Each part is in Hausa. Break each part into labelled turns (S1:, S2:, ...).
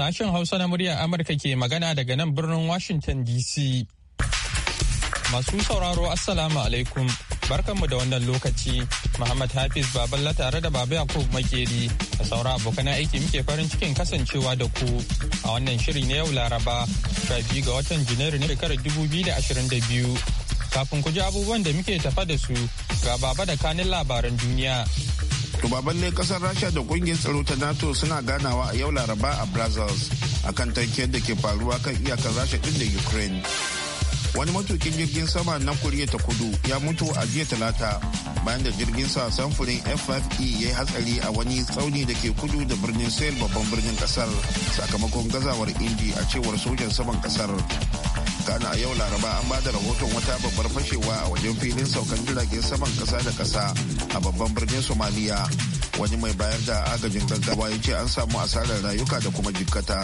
S1: Sashen Hausa na muryar Amurka ke magana daga nan birnin Washington DC. Masu sauraro Assalamu alaikum. Barkanmu da wannan lokaci. Muhammad Hafiz Baballa tare da Baba Yakub Makeri a saura abokan aiki muke farin cikin kasancewa da ku a wannan shiri na yau Laraba 12 ga watan Janairu na shekarar 2022. Kafin ku ji abubuwan da muke tafa da su ga Baba da kanin labaran duniya.
S2: To ne kasar Rasha da kungiyar tsaro ta NATO suna ganawa a yau Laraba a brazils akan tankiyar da ke faruwa kan iyakar Rasha din da Ukraine. Wani matukin jirgin sama na Koriya ta kudu ya mutu a jiya talata bayan da jirgin sa samfurin FFE ya yi hatsari a wani tsauni da ke kudu da birnin Seoul babban birnin kasar sakamakon gazawar inji a cewar sojan saman kasar. kana a yau laraba an ba da rahoton wata babbar fashewa a wajen filin saukan jiragen saman kasa da kasa a babban birnin somaliya wani mai bayar da agajin gaggawa ya ce an samu asarar rayuka da kuma jikkata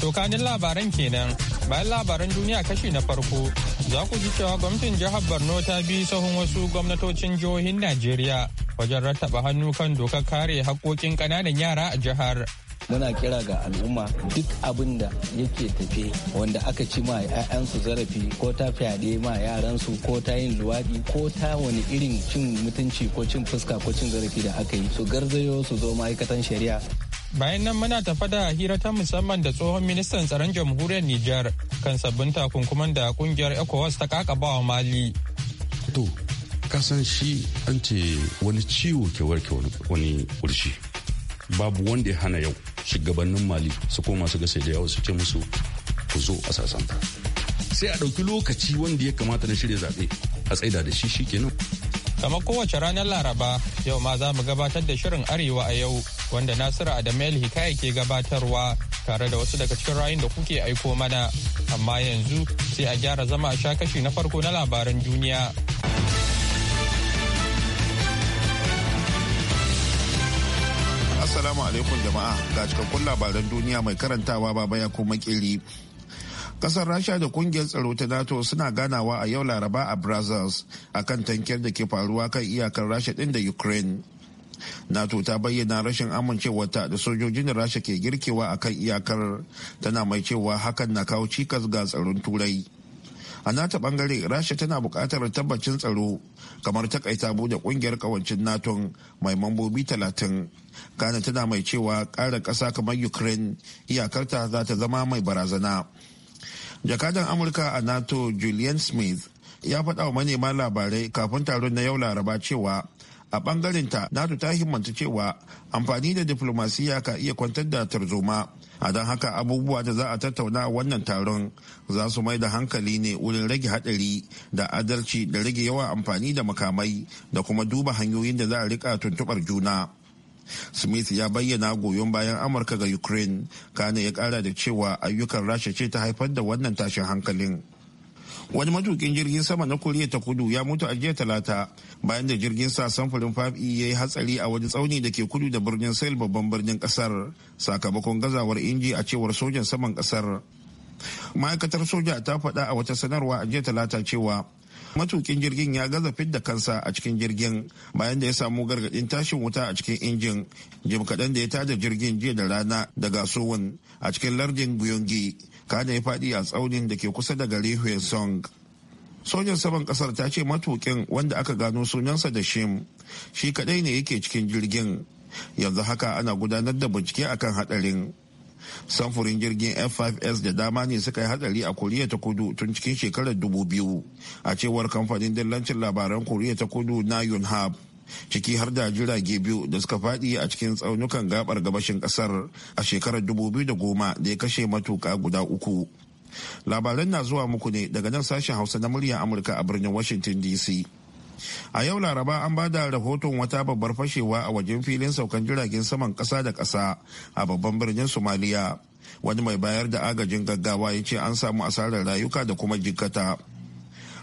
S1: tokanin labaran kenan bayan labaran duniya kashi na farko za ku ji cewa gwamnatin jihar borno ta bi sahun wasu gwamnatocin jihohin najeriya wajen rattaba hannu kan dokar kare haƙƙoƙin ƙananan yara a jihar muna kira
S3: ga al'umma duk abin da yake tafe wanda aka ci ma 'ya'yansu zarafi ko ta fyaɗe ma yaransu ko ta yin luwaɗi ko ta wani irin cin mutunci ko cin fuska ko cin zarafi da aka yi su garzayo su zo ma'aikatan shari'a
S1: bayan nan muna tafa da hira ta musamman da tsohon ministan tsaron jamhuriyar Nijar kan sabbin takunkuman da kungiyar ECOWAS ta kakabawa wa Mali. To,
S4: kasan shi an ce wani ciwo ke warke wani kurshi. Babu wanda ya hana yau. shugabannin mali su koma su ga sai da yawa su ce musu ku zo a sasanta sai a ɗauki lokaci wanda ya kamata na shirya zaɓe a tsaida da shi shi kenan
S1: kamar kowace ranar laraba yau ma za mu gabatar da shirin arewa a yau wanda nasiru adamuel hikaya ke gabatarwa tare da wasu daga cikin rayun da kuke aiko mana amma yanzu sai a gyara zama a sha kashi na farko na labaran duniya
S2: Assalamu alaikum jama'a ga cikakkun labaran duniya mai karantawa baba ya kuma kiri. Kasar Rasha da kungiyar tsaro ta NATO suna ganawa a yau Laraba a brazils akan tankiyar da ke faruwa kan iyakar Rasha din da Ukraine. nato ta bayyana rashin amincewarta da sojojin da rasha ke girkewa akan iyakar tana mai cewa hakan na kawo cikas ga tsaron turai a nata bangare rasha tana bukatar tabbacin tsaro kamar takaita bude kungiyar kawancin nato mai mambobi talatin kana tana mai cewa kara ƙasa kamar ukraine iyakarta za ta zama mai barazana jakadan amurka a nato julian smith ya faɗa wa manema labarai kafin taron na yau laraba cewa a ɓangarenta nato ta himmanta cewa amfani da diflomasiyya ka iya kwantar da tarzoma a don haka abubuwa da za a tattauna wannan taron za su mai da hankali ne wurin rage hadari da adalci da rage yawa amfani da makamai da kuma duba hanyoyin da za a rika tuntubar juna smith ya bayyana goyon bayan amurka ga ukraine kane ya kara da cewa ayyukan rasha ce ta haifar da wannan tashin hankalin wani matukin jirgin sama na koriya ta kudu ya mutu a jiya talata bayan da jirgin sa samfurin 5e ya yi hatsari a wani tsauni da ke kudu da birnin sail babban birnin kasar sakamakon gazawar inji a cewar sojan saman kasar ma'aikatar soja ta faɗa a wata sanarwa a jiya talata cewa matukin jirgin ya gaza fidda kansa a cikin jirgin bayan da ya samu gargadin tashin wuta a cikin injin jim kaɗan da ya tada jirgin jiya da rana daga sowon a cikin lardin guyongi kada ya faɗi a tsaunin da ke kusa da gari song sojan saman kasar ta ce matukin wanda aka gano sunansa da shim shi kaɗai ne yake cikin jirgin yanzu haka ana gudanar da bincike akan hadarin samfurin jirgin f5s da dama ne suka yi hadari a koriya ta kudu tun cikin shekarar dubu biyu. a cewar kamfanin dillancin labaran koriya ta kudu na yunhab ciki har da jirage biyu da suka fadi a cikin tsaunukan gabar gabashin ƙasar a shekarar dubu 2010 da ya kashe matuka guda uku labaran na zuwa muku ne daga nan sashen hausa na murya amurka a birnin washington dc a yau laraba an ba da rahoton wata babbar fashewa a wajen filin saukan jiragen saman kasa da kasa a babban birnin somaliya wani mai bayar da agajin gaggawa ya ce an samu asarar rayuka da kuma jikata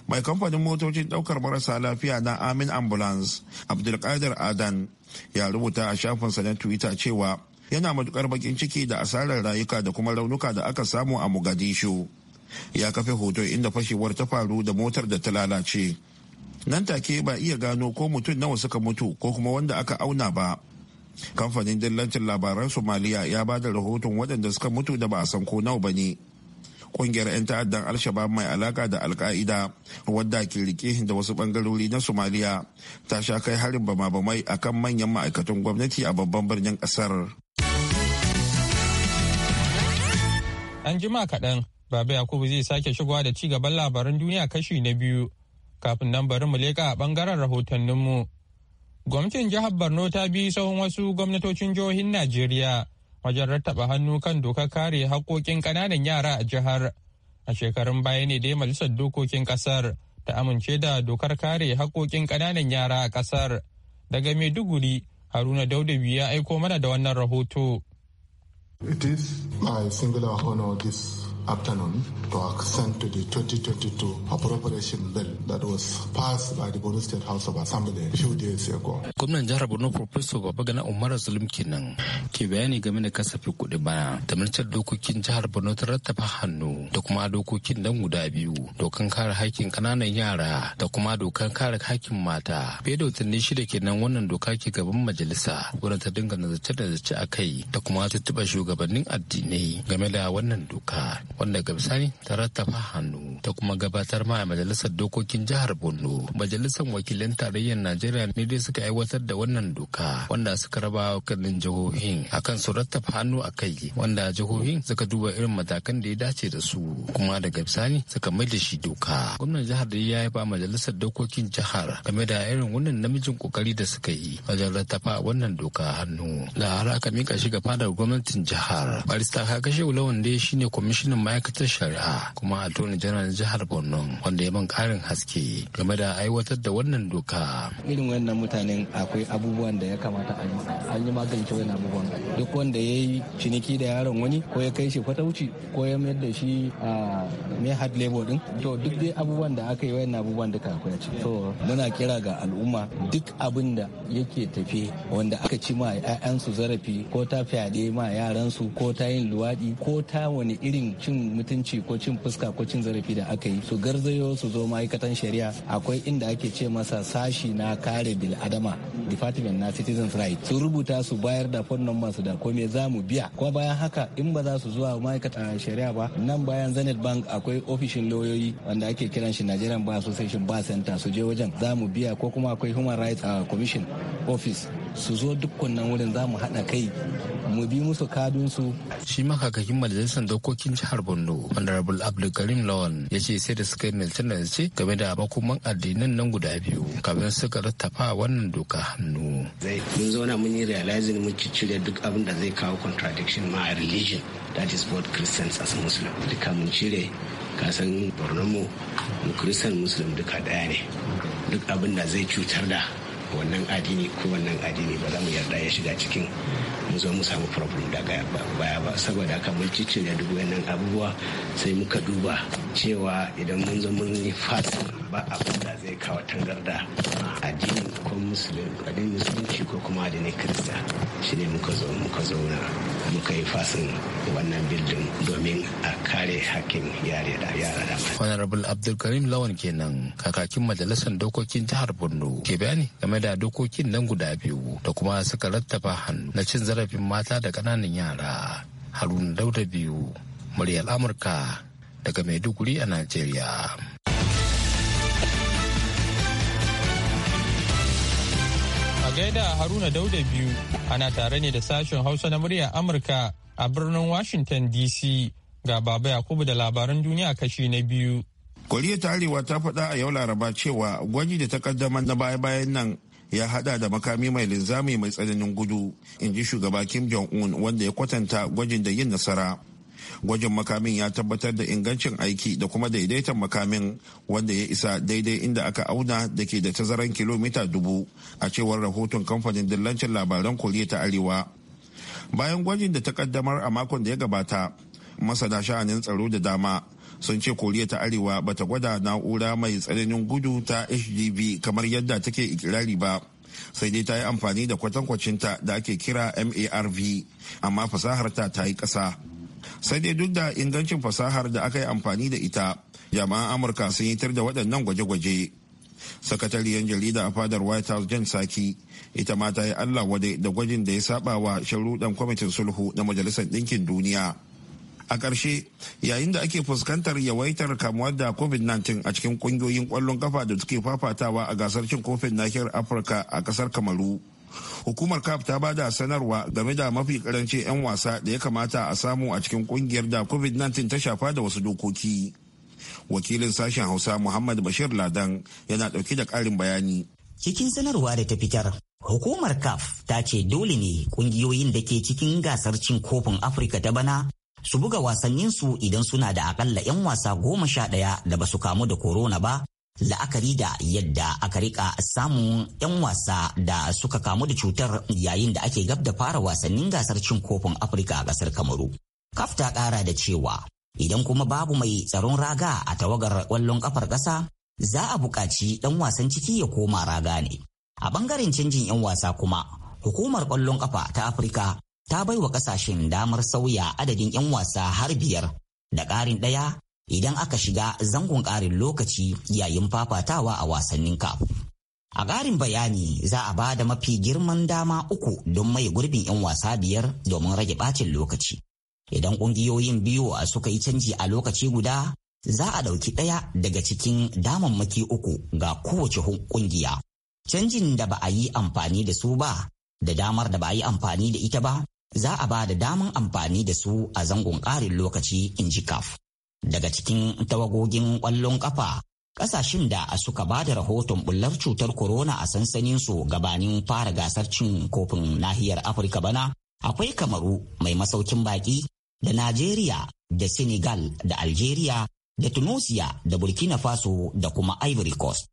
S2: mai kamfanin motocin daukar marasa lafiya na amin ambulance abdulkadir adan ya rubuta a shafinsa na twitter cewa yana matukar bakin ciki da asarar rayuka da kuma raunuka da aka samu a mogadishu ya kafe hoto inda fashewar ta faru da motar da ta lalace nan take ba iya gano ko mutum nawa suka mutu ko kuma wanda aka auna ba kamfanin dillancin labaran somaliya ya ba da rahoton waɗanda suka mutu da ba a san ko nawa ba ne kungiyar 'yan ta'addan alshabab mai alaka da alka'ida wadda ke rike da wasu bangarori na somaliya ta sha kai harin bama-bamai akan manyan ma'aikatan gwamnati a babban birnin kasar
S1: an jima kaɗan baba yakubu zai sake shigowa da ci gaban labaran duniya kashi na biyu kafin nan bari mu leƙa a ɓangaren rahotanninmu. Gwamnatin jihar Borno ta bi sahun wasu gwamnatocin jihohin Najeriya wajen rattaba hannu kan dokar kare haƙƙoƙin ƙananan yara a jihar. A shekarun baya ne dai majalisar dokokin ƙasar ta amince da dokar kare haƙƙoƙin ƙananan yara a ƙasar. Daga Maiduguri, Haruna biyu ya aiko mana da wannan rahoto. It is
S5: my singular honor this afternoon to accent to the 2022
S6: appropriation bill that was passed by the Borno State House of Assembly a few days ago.
S5: Gwamnan jihar Borno Professor Umar Zulum kenan ke bayani game da kasafin kuɗi bana da mulkin dokokin jihar Borno ta rattafa hannu da kuma dokokin dan guda biyu dokan kare haƙƙin kananan yara da kuma dokan kare haƙƙin mata. Fiye da watanni shida kenan wannan doka ke gaban majalisa Wurin ta dinga nazarce da a kai da kuma taba shugabannin addinai game da wannan doka. wanda ga bisani ta rattafa hannu ta kuma gabatar ma a majalisar dokokin jihar borno majalisar wakilan tarayyar najeriya ne dai suka aiwatar da wannan doka wanda suka raba kanin jihohin akan su rattafa hannu a kai wanda jihohin suka duba irin matakan da ya dace da su kuma daga bisani suka mai da shi doka gwamnan jihar da ya yi ba majalisar dokokin jihar game da irin wannan namijin kokari da suka yi wajen rattafa wannan doka hannu da har aka mika shi ga fadar gwamnatin jihar barista kashe lawan shi ne kwamishinan wakilin ma'aikatar shari'a kuma attorney general jihar borno wanda ya ban karin haske game da aiwatar da wannan doka irin wannan mutanen akwai
S3: abubuwan da ya kamata a yi an yi magance wannan abubuwan duk wanda ya yi ciniki da yaron wani ko ya kai shi fatauci ko ya mayar da shi a mai hard labor din to duk dai abubuwan da aka yi wannan abubuwan duka akwai ci to muna kira ga al'umma duk abin da yake tafe wanda aka ci ma 'ya'yansu zarafi ko ta fyaɗe ma yaransu ko ta yin luwaɗi ko ta wani irin cin mutunci ko cin fuska ko cin zarafi da aka yi su garzayo su zo ma'aikatan shari'a akwai inda ake ce masa sashi na kare bil adama department na citizens right su rubuta su bayar da phone number su da me za mu biya ko bayan haka in ba za su zuwa ma'aikatan shari'a ba nan bayan zenith bank akwai ofishin lauyoyi wanda ake kiran shi nigerian bar association bar center su je wajen za mu biya ko kuma akwai human rights ah, commission office su zo dukkan nan wurin za mu haɗa kai mu bi musu kadunsu.
S5: Shi makakakin majalisar dokokin jihar Borno, Honorable Abdulkarim Lawan ya ce sai da suka yi nalce game da makoman addinan nan guda biyu kafin suka rattafa wannan doka hannu.
S7: Mun zauna mun yi realizing mun ciccire duk abin da zai kawo contradiction ma a religion that is both Christians as Muslim. Duka mun cire kasan Borno mu Christian Muslim duka daya ne. Duk abin da zai cutar da wannan addini ko wannan addini ba za mu yarda ya shiga cikin mu zo mu samu problem daga baya ba saboda haka mun ciccire duk wannan abubuwa sai muka duba cewa idan mun zo mun yi fasa ba abinda zai kawo tangarda addinin ko addinin musulunci ko kuma addinin kirista shi ne muka zo muka zauna muka yi fasin wannan bildin domin a kare hakkin yare da yara da honorable abdulkarim
S5: lawan kenan kakakin majalisar dokokin jihar borno ke bayani game da dokokin nan guda biyu da kuma suka rattaba hannu na cin zarafin mata da kananan yara haruna dauda biyu muryar amurka daga maiduguri a najeriya
S1: gaida Haruna Dauda biyu ana tare ne da sashen Hausa na murya Amurka a birnin Washington DC ga Baba Yakubu da labaran duniya kashi na biyu. Koriya ta
S2: Arewa ta faɗa a yau Laraba cewa gwaji da ta takaddama na baya-bayan nan ya hada da makami mai linzami mai tsananin gudu, in ji shugaba Kim Jong-un wanda ya kwatanta gwajin da yin nasara. gwajin makamin ya tabbatar da ingancin aiki da kuma daidaitan makamin wanda ya isa daidai inda aka auna da ke da tazaran kilomita dubu a cewar rahoton kamfanin dillancin labaran koriya ta arewa bayan gwajin da ta kaddamar a makon da ya gabata masana sha'anin tsaro da dama sun ce koriya ta arewa bata gwada na'ura mai tsananin gudu ta hdv kamar yadda take ikirari ba sai dai ta yi amfani da kwatankwacinta da ake kira marv amma fasaharta ta yi ƙasa sai dai duk da ingancin fasahar da aka yi amfani da ita jama'an amurka sun yi tar da waɗannan gwaje-gwaje sakatariyar jarida a fadar white house jan saki ita ma ta yi allah wadai da gwajin da ya saba wa sharuɗan kwamitin sulhu na majalisar ɗinkin duniya a ƙarshe yayin da ake fuskantar yawaitar kamuwar da covid-19 a cikin ƙungiyoyin ƙwallon kafa da suke fafatawa a gasar cin kofin nahiyar afirka a ƙasar kamaru hukumar caf ta bada sanarwa game da mafi karanci 'yan wasa da ya kamata a samu a cikin kungiyar da covid-19 ta shafa da wasu dokoki wakilin sashen hausa
S8: muhammad bashir ladan yana dauke da karin bayani cikin sanarwa da ta fitar hukumar caf ta ce dole ne kungiyoyin da ke cikin gasar cin kofin afirka ta bana su buga wasanninsu idan suna da akalla 'yan wasa goma sha ɗaya da ba su kamu da corona ba la'akari da yadda aka rika samun 'yan wasa da suka kamu da cutar yayin da ake gab da fara wasannin gasar cin kofin afirka a kasar kamaru kaf ta kara da cewa idan kuma babu mai tsaron raga a tawagar kwallon kafar ƙasa za a buƙaci ɗan wasan ciki ya koma raga ne a ɓangaren canjin 'yan wasa kuma hukumar kwallon kafa ta afirka ta baiwa ƙasashen damar sauya adadin 'yan wasa har biyar da ƙarin ɗaya idan aka shiga zangon ƙarin lokaci yayin fafatawa a wasannin kaf. A ƙarin bayani za a ba da mafi girman dama uku don mai gurbin 'yan wasa biyar domin rage ɓacin lokaci. Idan ƙungiyoyin biyu suka yi canji a lokaci guda, za a ɗauki ɗaya daga cikin damammaki uku ga kowace ƙungiya. Canjin da ba a yi amfani da su ba, da damar da ba a yi amfani da ita ba, za a ba da daman amfani da su a zangon ƙarin lokaci in ji kaf. daga cikin tawagogin ƙwallon ƙafa ƙasashen da suka ba da rahoton bullar cutar corona a sansaninsu gabanin fara gasar cin kofin nahiyar afirka bana akwai kamaru mai masaukin baƙi da najeriya da senegal da algeria da tunisia da burkina faso da kuma ivory coast.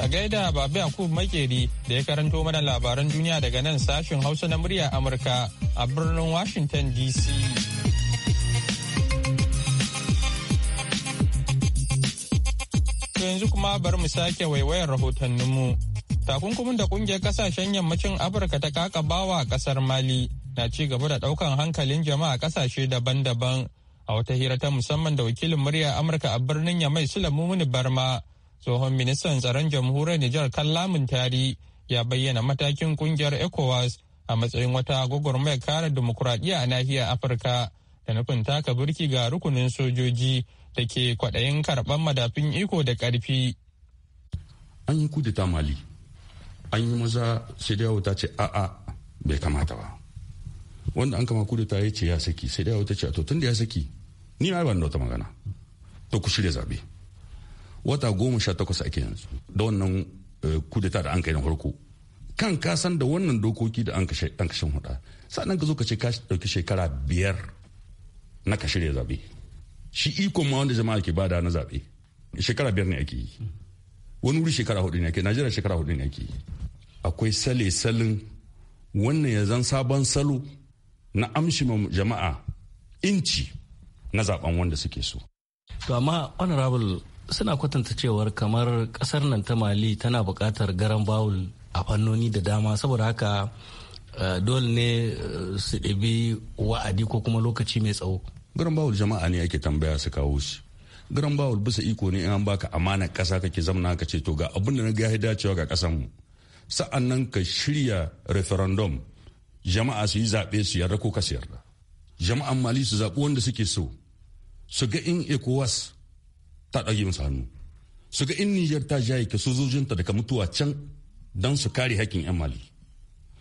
S1: A gaida Babu Yakub Makeri da ya karanto mana labaran duniya daga nan sashen Hausa na murya Amurka a birnin Washington DC. yanzu kuma bari mu sake waiwayar rahotanninmu. Takunkumin da kungiyar kasashen yammacin Afirka ta kakabawa a kasar Mali na ci gaba da daukan hankalin jama'a kasashe daban-daban. A wata hira ta musamman da wakilin murya Amurka a birnin Yamai Sulamumuni Barma tsohon ministan tsaron jamhuriyar Nijar lamun Tari ya bayyana matakin kungiyar ECOWAS a matsayin wata gwagwarmayar kare demokuraɗiyya a nahiyar Afirka da nufin taka birki ga rukunin sojoji da ke kwaɗayin karɓar madafin iko da ƙarfi. An yi kudita Mali, an yi maza sai da wata ce a'a bai kamata ba.
S4: Wanda an kama kudita ya ce ya saki sai da wata ce a to tun da ya saki ni ma ban da wata magana. To ku shirya zaɓe. wata goma sha takwas ake yanzu da wannan eh, kudeta da an kai na farko kan ka san da wannan dokoki da an kashe huda sannan ka zo ka ce ka dauki shekara biyar na ka shirya zaɓe shi ikon ma wanda jama'a ke bada na zaɓe shekara biyar ne ake yi wani wuri shekara hudu ne ake najeriya shekara hudu ne ake yi akwai sale salin wannan ya zan sabon salo na amshi jama'a inci na zaben wanda suke so
S3: to amma honorable suna kwatanta cewar kamar kasar nan ta mali tana bukatar garan bawul a fannoni da dama saboda haka eh, dole ne eh,
S4: su ɗabi wa'adi ko kuma lokaci mai tsawo garan bawul jama'a ne ake tambaya su kawo shi garan bawul bisa iko ne in an baka amana kasa kake zamna ka ce to ga abin da na ga dacewa ga ƙasan mu sa'an nan ka shirya referendum jama'a su yi zaɓe su yarda ko ka yarda jama'an mali su zaɓi wanda suke so su ga in ecowas ta ɗauki musu hannu su ga in nijar ta jaye sojojinta daga mutuwa can don su kare haƙƙin 'yan mali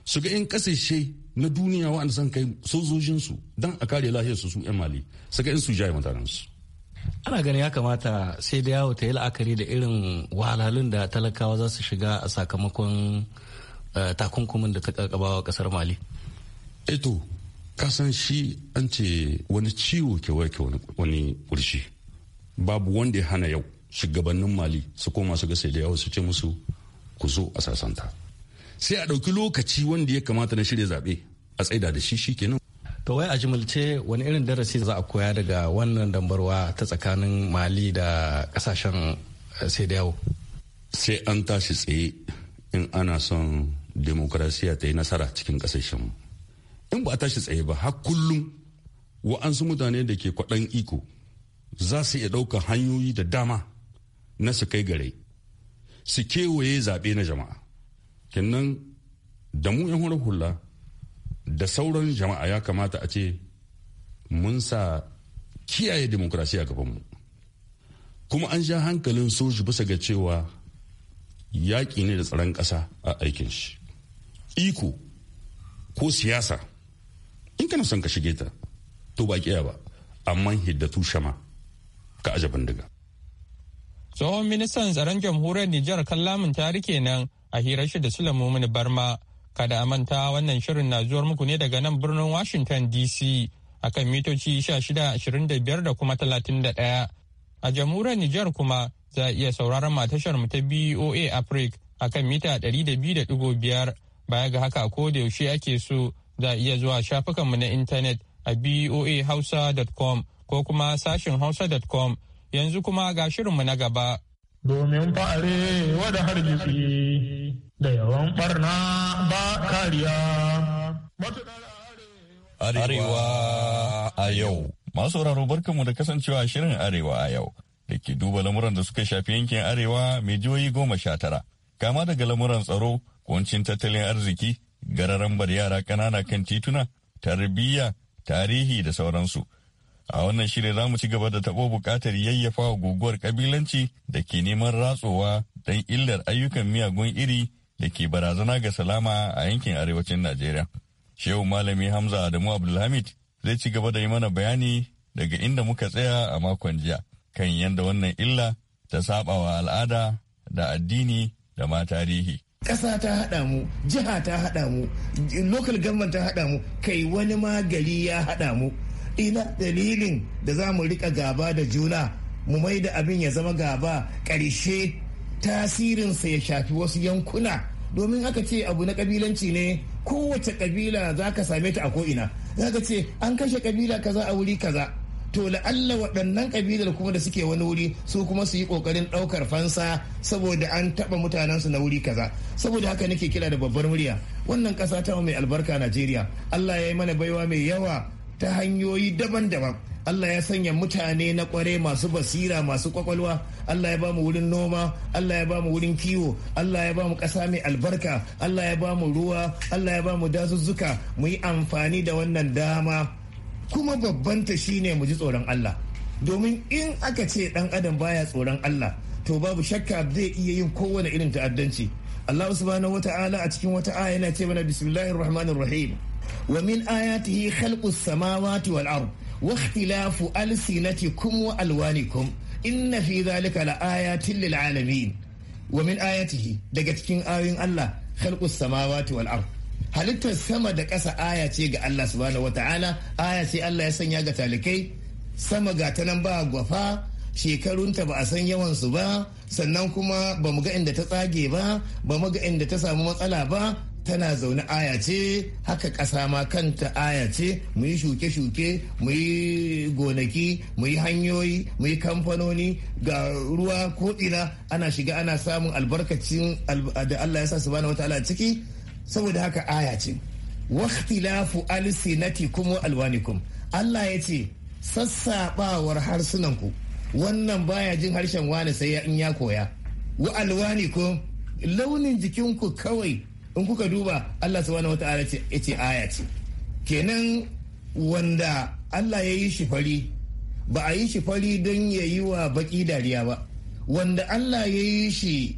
S4: su ga in ƙasashe na duniya waɗanda san kai sojojinsu don a kare lafiyarsu su 'yan mali su ga in su jaye mutanensu
S3: ana ganin ya kamata sai da yawo ta yi la'akari da irin wahalhalun eh, da talakawa eh, za su shiga a sakamakon takunkumin da ta wa kasar mali
S4: eto kasan shi an ce wani ciwo kewaye wani kurshi babu wanda ya hana yau shugabannin mali su koma su ga sai da yawa su ce musu ku zo a sasanta sai a ɗauki lokaci wanda ya kamata na shirya zaɓe a tsaida da shi shi kenan to wai a jimilce wani irin darasi za a koya daga wannan dambarwa ta tsakanin mali da kasashen eh, sai da yawo sai an tashi tsaye in ana son demokrasiya ta yi nasara cikin kasashen in ba a tashi tsaye ba har kullum wa'ansu mutane da ke kwaɗan iko za su iya ɗaukar hanyoyi da dama na su kai gare su kewaye zaɓe na jama'a kinnan da mu 'yan hular hula da sauran jama'a ya kamata a ce mun sa kiyaye demokrasiya gabanmu kuma an sha hankalin soji bisa ga cewa yaƙi ne da tsaron ƙasa a aikin shi iko ko siyasa in kana son ka shige ta to ba ƙiya ba amma hiddatu shama ka aje bindiga.
S1: tsohon ministan tsaron jamhuriyar nijar kallamin tari kenan a hirar shi da sulamu mini barma kada a manta wannan shirin na zuwar muku ne daga nan birnin washington dc a kan mitoci shida 1625 da kuma talatin da 31 a jamhuriyar nijar kuma za a iya sauraron matashar mu ta boa africa kan mita ɗari da da biyu biyar baya ga haka ko da yaushe ake so za a iya zuwa shafukanmu na intanet a boahausa.com ko kuma sashin hausa.com yanzu kuma ga shirinmu na gaba.
S2: Domin fa'are wada hargitsi
S5: da yawan barna ba kariya.
S9: Arewa a yau. Masu sauraro barkanmu da kasancewa shirin Arewa a yau da ke duba lamuran da suka shafi yankin Arewa mai jihohi goma sha tara. Kama daga lamuran tsaro, kuncin tattalin arziki, gararan bar yara ƙanana kan tituna, tarbiyya, tarihi da sauransu. A wannan shirin za mu ci gaba da taɓo bukatar yayyafa guguwar kabilanci da ke neman ratsowa don illar ayyukan miyagun iri da ke barazana ga salama a yankin arewacin Najeriya. Shehu Malami Hamza Adamu Abdulhamid zai ci gaba da yi mana bayani daga inda muka tsaya a makon jiya kan yadda wannan illa ta wa al'ada da addini da ma tarihi.
S7: ƙasa ta haɗa mu jiha ta haɗa mu local government ta haɗa mu kai wani ma gari ya haɗa mu ina dalilin da za mu rika gaba da juna mu mai da abin ya zama gaba ƙarshe tasirinsa ya shafi wasu yankuna domin aka ce abu na kabilanci ne kowace kabila za ka same ta a ko'ina za ka ce an kashe kabila kaza a wuri kaza to la'alla waɗannan kabilar kuma da suke wani wuri su kuma su yi ƙoƙarin ɗaukar fansa saboda an taɓa mutanensu na wuri kaza saboda haka nake kira da babbar murya wannan ƙasa ta mai albarka najeriya allah ya yi mana baiwa mai yawa ta hanyoyi daban-daban Allah ya sanya mutane na kware masu basira masu kwakwalwa Allah ya ba mu wurin noma Allah ya ba mu wurin kiwo Allah ya ba mu ƙasa mai albarka Allah ya ba mu ruwa Allah ya ba mu dazuzzuka mu yi amfani da wannan dama kuma babbanta shine mu ji tsoron Allah domin in aka ce dan adam baya tsoron Allah to babu shakka zai iya yin kowane irin ta'addanci Allah subhanahu wata'ala a cikin wata aya yana ce mana bismillahir rahmanir rahim wa min ayatihi khalqus samawati wal ard wa ikhtilafu alsinatikum wa alwanikum inna fi dhalika la ayatin lil alamin wa min ayatihi daga cikin ayoyin Allah khalqus samawati wal ard halittar sama da ƙasa aya ce ga Allah subhanahu aya ce Allah ya sanya ga talikai sama ga ta nan ba gwafa shekarunta ba a san yawansu ba sannan kuma ba mu ga inda ta tsage ba ba mu ga inda ta samu matsala ba tana zaune aya ce haka ƙasa ma kanta aya ce mu yi shuke-shuke mu yi gonaki mu yi hanyoyi mu yi kamfanoni ga ruwa ko'ina ana shiga ana samun albarkacin da Allah ya sa su bani wata ciki saboda haka aya ce waktilafu alsinatikum wa alwanikum Allah ya ce sassaɓawar harsunanku wannan baya jin harshen wani sai in ya koya wa alwanikum launin jikinku kawai in kuka duba Allah subhanahu wata'ala ce yace aya ce kenan wanda Allah ya yi shi fari ba a yi shi fari don ya yi wa baki dariya ba wanda Allah ya yi shi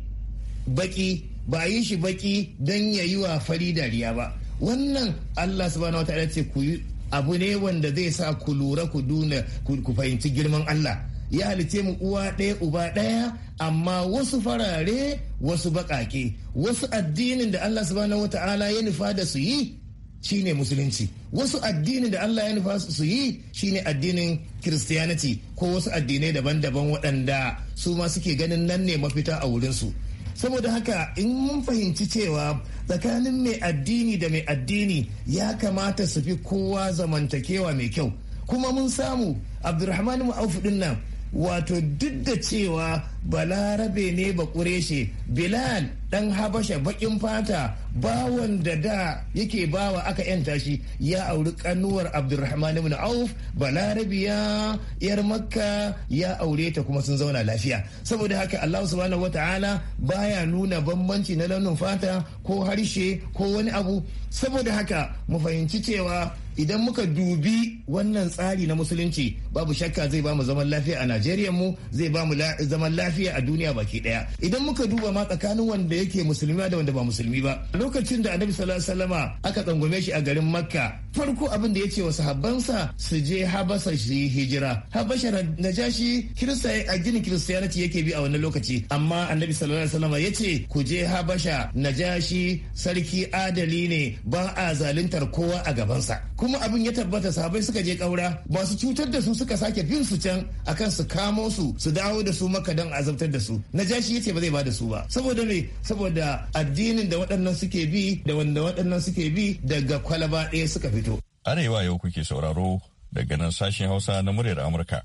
S7: baki ba a yi shi baki don ya yi wa fari dariya ba wannan Allah subhanahu wata'ala ce ku abu ne wanda zai sa ku lura ku duna ku fahimci girman Allah ya halice mu uwa ɗaya uba ɗaya amma wasu farare wasu baƙaƙe wasu addinin da Allah subhanahu wata'ala ya nufa da su yi shine musulunci wasu addinin da Allah ya nufa su yi shine addinin kiristiyaniti ko wasu addinai daban-daban waɗanda su ma suke ganin nan ne mafita a wurinsu saboda haka in mun fahimci cewa tsakanin mai addini da mai addini ya kamata su fi kowa zamantakewa mai kyau kuma mun samu abdulrahman mu'auf din nan wato duk da cewa balarabe ne ba kureshe bilal dan habasha bakin fata bawan da da yake bawa aka yanta shi ya auri kanuwar abdulrahman ibn auf balarabiya yar makka ya aure ta kuma sun zauna lafiya saboda haka allah subhanahu wataala baya nuna bambanci na launin fata ko harshe ko wani abu saboda haka mu fahimci cewa idan muka dubi wannan tsari na musulunci babu shakka zai bamu zaman lafiya a Najeriya mu zai bamu zaman lafiya a duniya baki daya idan muka duba ma tsakanin wanda yake musulmi da wanda ba musulmi ba lokacin da Annabi sallallahu alaihi wasallama aka tsangwame shi a garin Makka farko abin da ya ce wa sahabbansa su je Habasa shi hijira Habasha Najashi Kirista a ginin Kiristiyaniti yake bi a wannan lokaci amma Annabi sallallahu alaihi wasallama ya ce ku je Habasha Najashi sarki adali ne ba a zaluntar kowa a gabansa kuma abin ya tabbata sabai suka je kaura masu cutar da su suka sake bin su can akan su kamo su su dawo da su maka don azabtar da su na jashi yace ba zai bada su ba saboda me saboda addinin da waɗannan suke bi da wanda waɗannan suke bi daga kwalaba ɗaya suka fito
S9: arewa yau kuke sauraro daga nan sashen hausa na muryar amurka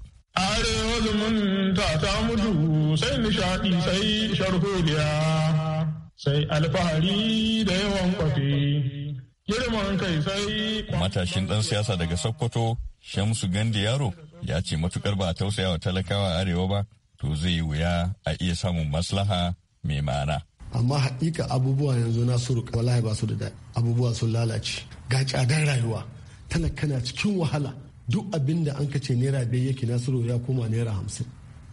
S7: arewa
S2: zumunta ta mutu sai nishaɗi sai sharholiya sai
S4: alfahari da yawan kwafi
S9: Matashin ɗan siyasa daga Sokoto, Shamsu Gandi Yaro, ya ce matukar ba a tausaya wa talakawa arewa ba, to zai wuya a iya samun maslaha mai ma'ana.
S6: Amma haƙiƙa abubuwa yanzu na suru wallahi ba su da daɗi. Abubuwa sun lalace. Ga tsadar rayuwa, talaka na cikin wahala. Duk abin da an ce naira biyar yake Nasiru ya koma naira hamsin.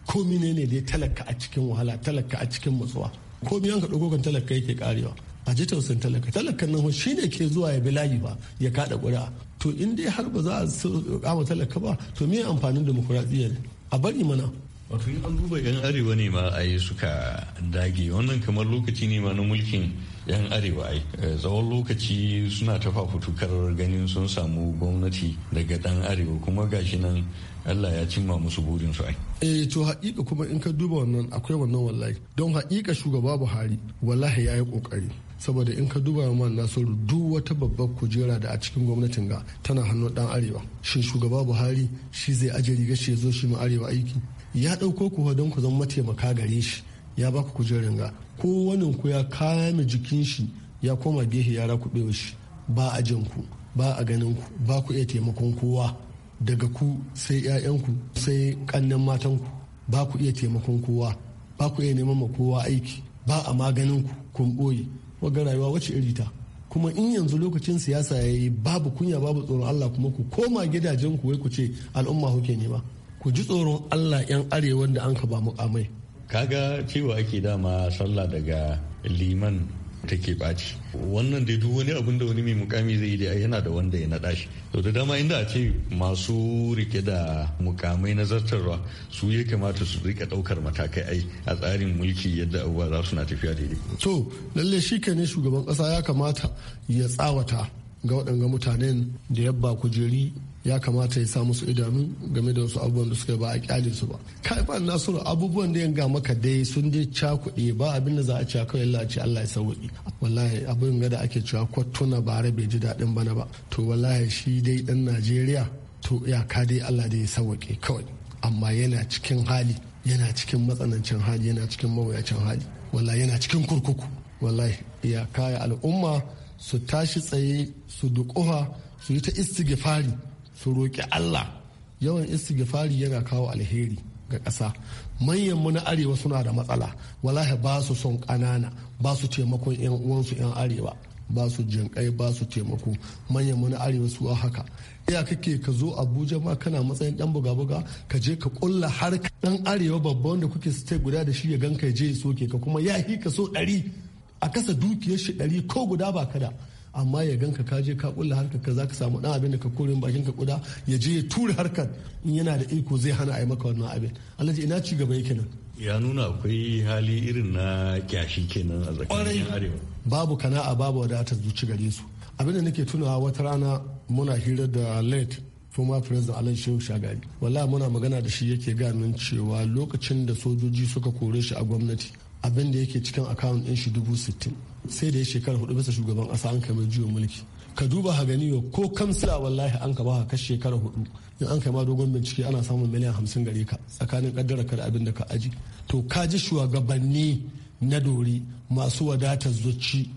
S6: Ko ne dai talaka a cikin wahala, talaka a cikin matsuwa. Komi an ka ɗauko talaka yake karewa. a ji tausayin talaka talakan nan shi ne ke zuwa ya bi layi ba ya kada kura to in dai har ba za a kama talaka ba to me amfanin demokuraɗiyya a bari mana
S9: wato yi an duba yan arewa ne ma a yi suka dage wannan kamar lokaci ne ma na mulkin yan arewa ai eh, tsawon lokaci suna ta fafutukar ganin sun samu gwamnati daga dan arewa kuma gashi nan Allah ya cimma musu burin su ai.
S6: Eh to haƙiƙa kuma in ka duba wannan akwai wannan wallahi don haƙiƙa shugaba Buhari wallahi ya yi ƙoƙari. saboda in ka duba man nasiru duk wata babbar kujera da a cikin gwamnatin ga tana hannun dan arewa shin shugaba buhari shi zai aje riga shi ya zo shi ma arewa aiki ya ɗauko ku don ku zama mataimaka gare shi ya baku kujerin ga kowannen ku ya kame jikin shi ya koma gehe ya rakuɓe shi ba a jin ku ba a ganin ku ba ku iya taimakon kowa daga ku sai 'ya'yanku sai matan matanku ba ku iya taimakon kowa ba ku iya neman ma kowa aiki ba a maganin ku kun ɓoye wagga rayuwa wacce iri ta kuma in yanzu lokacin siyasa ya yi babu kunya babu tsoron Allah kuma ku koma gidajen ku wai ku ce al'umma kuke nema ku ji tsoron Allah yan arewa da an ka ba mukamai
S9: kaga cewa ake dama sallah daga liman take ɓaci wannan dai duk wani abin da wani mai mukami zai yi da yana da wanda ya naɗa shi to da dama inda a ce masu rike da mukamai na zartarwa su ya kamata su rika ɗaukar matakai ai a tsarin mulki yadda abubuwa za su na tafiya daidai
S6: to lalle shi ke ne shugaban ƙasa ya kamata ya tsawata ga waɗanga mutanen da ya ba kujeri ya kamata ya sa musu idanu game da wasu abubuwan da suka ba a kyale su ba kai ba nasiru abubuwan da yanga maka dai sun je cakuɗe ba abin da za a ci kawai Allah ce Allah ya sauki wallahi abin da ake cewa kwatuna bara bai ji daɗin bana ba to wallahi shi dai dan Najeriya to ya ka dai Allah dai ya sauke kawai amma yana cikin hali yana cikin matsanancin hali yana cikin mawuyacin hali wallahi yana cikin kurkuku wallahi ya ya al'umma su tashi tsaye su duƙuha su yi ta istighfari sun roƙi Allah yawan istighfari yana kawo alheri ga ƙasa manyan mu na arewa suna da matsala wallahi ba su son ƙanana ba su taimakon yan uwansu yan arewa ba su jinƙai ba su taimako manyan mu na arewa su haka iya kake ka zo abuja ma kana matsayin dan buga-buga ka je ka kulla har dan arewa babba wanda kuke stay guda da shi ya ganka je ya soke ka kuma ya hi ka so ɗari a kasa dukiyar shi ɗari ko guda ba kada amma ya ganka ka je ka kulle harkar ka zaka samu dan abin da ka kore bakin ka kuda ya je ya tura harkar in yana da iko zai hana a yi maka wannan abin alhaji ina ci gaba yake nan
S9: ya nuna akwai hali irin na kyashi kenan a tsakanin arewa
S6: babu kana'a babu wadatar zuci gare su abin da nake tunawa wata rana muna hira da late former president alan shehu shagari wallahi muna magana da shi yake ganin cewa lokacin da sojoji suka kore shi a gwamnati abin da yake cikin akawun din shi dubu sittin sai da ya shekara hudu bisa shugaban ƙasa an kai mai juyin mulki ka duba ha gani ko kamsila wallahi an ka ba ka shekara hudu in an kai ma dogon bincike ana samun miliyan hamsin gare ka tsakanin kaddara ka da abin da ka aji to ka ji shugabanni na dori masu wadatar zuci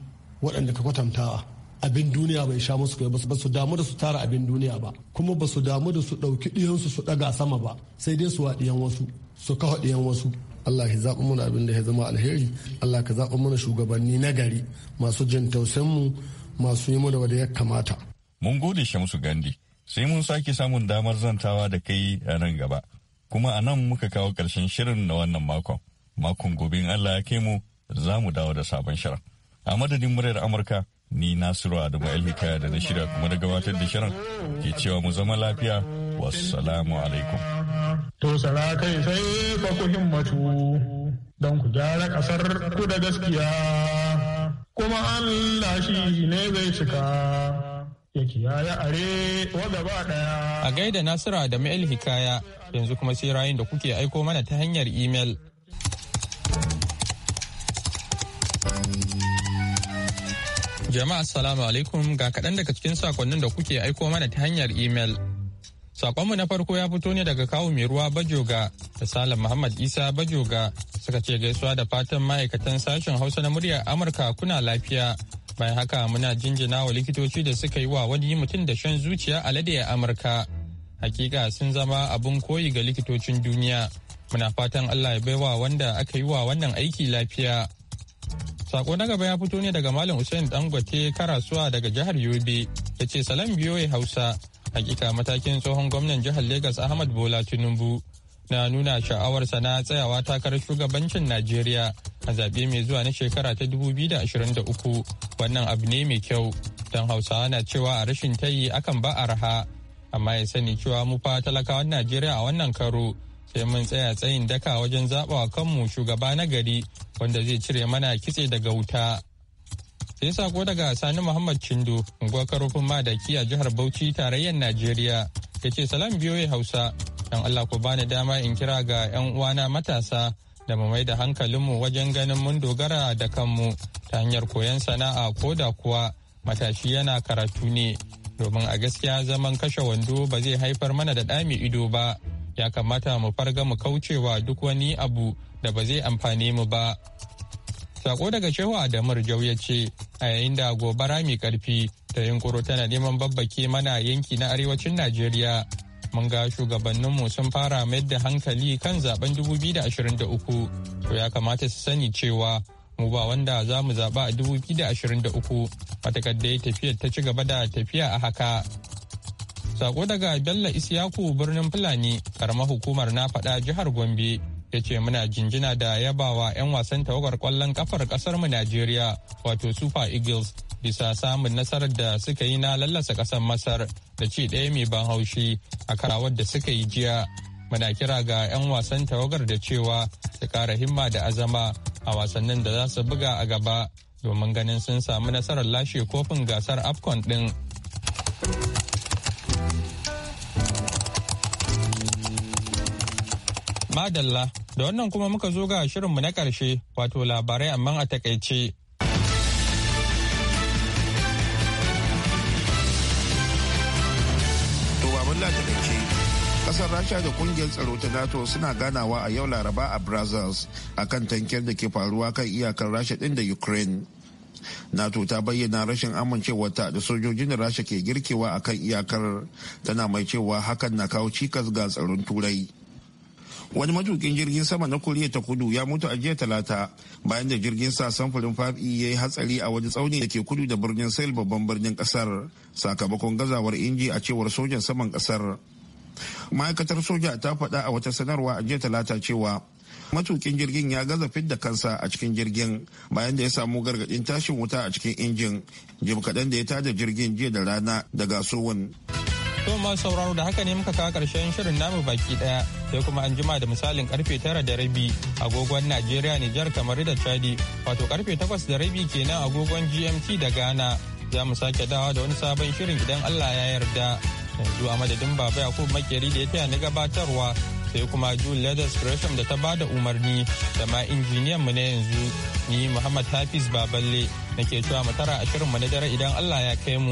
S6: waɗanda ka kwatantawa abin duniya bai sha musu kai ba su damu da su tara abin duniya ba kuma ba su damu da su ɗauki ɗiyansu su ɗaga sama ba sai dai su waɗiyan wasu su kawo ɗiyan wasu Allah ya zaɓi mana abin da ya zama alheri Allah ka zaɓi mana shugabanni na gari masu jin mu masu yi mana wanda ya kamata.
S9: Mun gode Shamsu Gandi sai mun sake samun damar zantawa da kai a nan gaba kuma a nan muka kawo ƙarshen shirin na wannan makon makon gobe in Allah ya kai mu za mu dawo da sabon shirin a madadin muryar Amurka ni nasiru adamu hikaya da na shirya kuma da gabatar da shirin ke cewa mu zama lafiya wassalamu alaikum
S6: to kai sai fa ku himmatu don ku gyara kasar ku da gaskiya kuma allah shi ne zai cika ya are gaba
S1: ɗaya. a gaida nasiru adamu hikaya yanzu kuma sai rayun da kuke aiko mana ta hanyar imel Jama'a salamu alaikum ga kaɗan daga cikin sakonnin da kuke aiko mana ta hanyar imel. Sakonmu na farko ya fito ne daga kawo mai ruwa Bajoga da Salam Muhammad Isa Bajoga suka ce gaisuwa da fatan ma'aikatan sashen Hausa na muryar Amurka kuna lafiya. Bayan haka muna jinjina wa likitoci da suka yi wa wani mutum da shan zuciya alade a Amurka. Hakika sun zama abun koyi ga likitocin duniya. Muna fatan Allah ya baiwa wanda aka yi wa wannan aiki lafiya. Sako na gaba ya fito ne daga Malam usain Dangote Karasuwa daga jihar Yobe ya ce salam ya Hausa hakika matakin tsohon gwamnan jihar Legas Ahmad Bola Tinubu na nuna sha'awar na tsayawa takarar shugabancin Najeriya a zaɓe mai zuwa na shekara ta 2023 wannan abu ne mai kyau don Hausawa na cewa a rashin tayi akan ba raha amma ya sani cewa mu fa talakawan Najeriya a wannan karo sai mun tsaya tsayin daka wajen zaɓawa kanmu shugaba na gari wanda zai cire mana kitse daga wuta. Sai sako daga Sani Muhammad Chindo, unguwar karofin madaki a jihar Bauchi tarayyar Najeriya, ya ce salam ya Hausa, don Allah ku bani dama in kira ga 'yan uwana matasa da mu mai da hankalinmu wajen ganin mun dogara da kanmu ta hanyar koyon sana'a ko da kuwa matashi yana karatu ne domin a gaskiya zaman kashe wando ba zai haifar mana da ɗami ido ba ya kamata mu farga mu kaucewa duk wani abu da ba zai amfane mu ba. Sako daga cewa da murjau ya ce, a yayin da gobara mai karfi ta yunkuro tana neman babbake mana yanki na arewacin Najeriya. Mun ga shugabanninmu sun fara mayar da hankali kan zaben 2023, to ya kamata su sani cewa mu ba wanda za mu zaɓa a 2023 matakar dai tafiyar ta ci gaba da tafiya a haka Sako daga Bello Isiyaku birnin Fulani, karamar hukumar na faɗa jihar Gombe. ya ce muna jinjina da yabawa 'yan wasan tawagar kwallon kafar mu Najeriya wato Super Eagles bisa samun nasarar da suka yi na lallasa kasar Masar da ci ɗaya mai ban haushi a karawar da suka yi jiya. Muna kira ga 'yan wasan tawagar da cewa su kara himma da azama a wasannin da za su buga a gaba domin ganin sun samu nasarar lashe kofin gasar AFCON ɗin. Madalla, da wannan kuma muka zo ga shirinmu na ƙarshe wato labarai amma a takaice.
S2: Kasar Rasha da kungiyar tsaro ta NATO suna ganawa a yau Laraba a Brazils kan tankiyar da ke faruwa kan iyakar Rasha ɗin da Ukraine. nato ta bayyana rashin amincewarta da sojojin da rasha ke girkewa a kan iyakar tana mai cewa hakan na kawo cikas ga tsaron turai wani matukin jirgin sama na koriya ta kudu ya mutu a jiya talata bayan da jirgin sa samfurin fafi ya yi hatsari a wani tsauni da ke kudu da birnin sail babban birnin kasar sakamakon gazawar inji a cewar sojan saman kasar ma'aikatar soja ta faɗa a wata sanarwa a jiya talata cewa matukin jirgin ya gaza fidda kansa a cikin jirgin bayan da ya samu gargaɗin tashin wuta a cikin injin jim kaɗan da ya tada jirgin jiya da rana daga suwun.
S1: To masu sauraro da haka ne muka kawo karshen shirin namu baki daya sai kuma an jima da misalin karfe tara da rabi agogon Najeriya Nijar kamar da Chadi wato karfe takwas da rabi kenan agogon GMT da Ghana za mu sake dawa da wani sabon shirin idan Allah ya yarda yanzu a madadin Baba ko Makeri da ya taya ni gabatarwa sai kuma june Leathers Gresham da ta bada umarni da ma injiniyan mu na yanzu ni Muhammad Hafiz Baballe nake cewa mu tara a shirin mu na dare idan Allah ya kai mu.